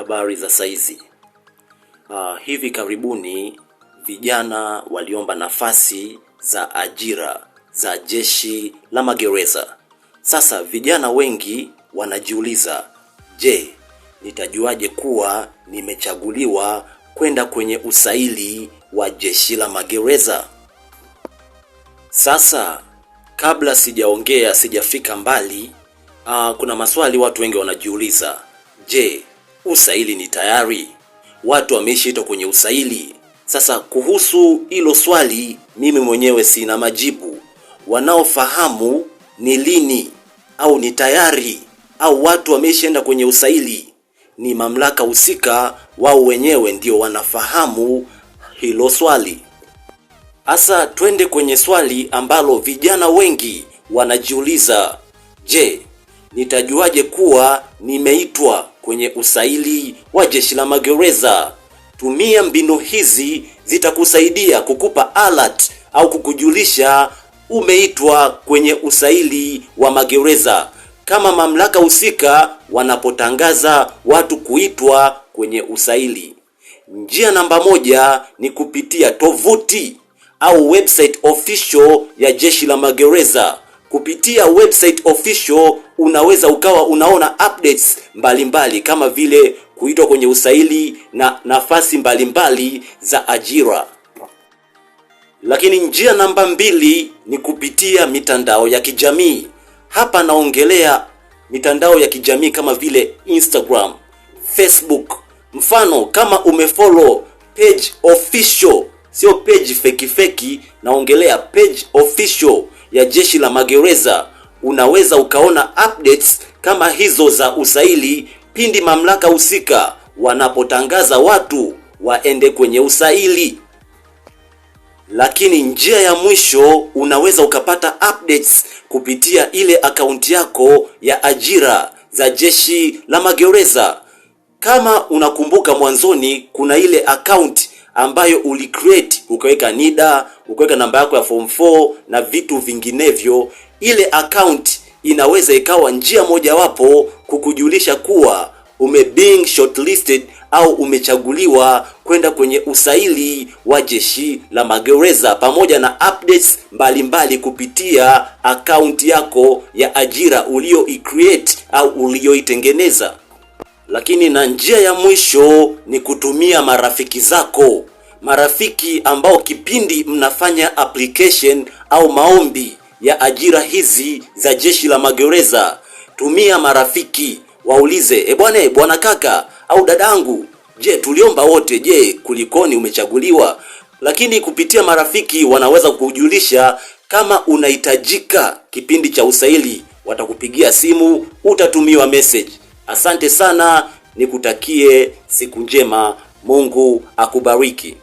habari za saizi. Uh, hivi karibuni vijana waliomba nafasi za ajira za jeshi la magereza. Sasa vijana wengi wanajiuliza, je, nitajuaje kuwa nimechaguliwa kwenda kwenye usaili wa jeshi la magereza? Sasa kabla sijaongea, sijafika mbali, uh, kuna maswali watu wengi wanajiuliza, je, usaili ni tayari, watu wameshaitwa kwenye usaili. Sasa kuhusu hilo swali, mimi mwenyewe sina majibu. Wanaofahamu ni lini au ni tayari au watu wameshaenda kwenye usaili, ni mamlaka husika, wao wenyewe ndio wanafahamu hilo swali. Asa twende kwenye swali ambalo vijana wengi wanajiuliza, je, nitajuaje kuwa nimeitwa kwenye usaili wa Jeshi la Magereza. Tumia mbinu hizi, zitakusaidia kukupa alert au kukujulisha umeitwa kwenye usaili wa magereza kama mamlaka husika wanapotangaza watu kuitwa kwenye usaili. Njia namba moja ni kupitia tovuti au website official ya Jeshi la Magereza kupitia website official unaweza ukawa unaona updates mbalimbali mbali, kama vile kuitwa kwenye usaili na nafasi mbalimbali mbali za ajira. Lakini njia namba mbili ni kupitia mitandao ya kijamii. Hapa naongelea mitandao ya kijamii kama vile Instagram, Facebook. Mfano kama umefollow page official, sio page feki feki, naongelea page official ya Jeshi la Magereza, unaweza ukaona updates kama hizo za usaili pindi mamlaka husika wanapotangaza watu waende kwenye usaili. Lakini njia ya mwisho, unaweza ukapata updates kupitia ile akaunti yako ya ajira za Jeshi la Magereza. Kama unakumbuka mwanzoni, kuna ile akaunti ambayo ulicreate ukaweka NIDA, ukaweka namba yako ya form 4 na vitu vinginevyo, ile account inaweza ikawa njia mojawapo kukujulisha kuwa ume being shortlisted au umechaguliwa kwenda kwenye usaili wa Jeshi la Magereza, pamoja na updates mbalimbali mbali kupitia akaunti yako ya ajira ulioi create au ulioitengeneza. Lakini na njia ya mwisho ni kutumia marafiki zako, marafiki ambao kipindi mnafanya application au maombi ya ajira hizi za Jeshi la Magereza, tumia marafiki waulize, e bwana, eh, bwana kaka au dadangu, je, tuliomba wote, je, kulikoni, umechaguliwa? Lakini kupitia marafiki wanaweza kujulisha kama unahitajika kipindi cha usaili, watakupigia simu, utatumiwa message. Asante sana, nikutakie siku njema. Mungu akubariki.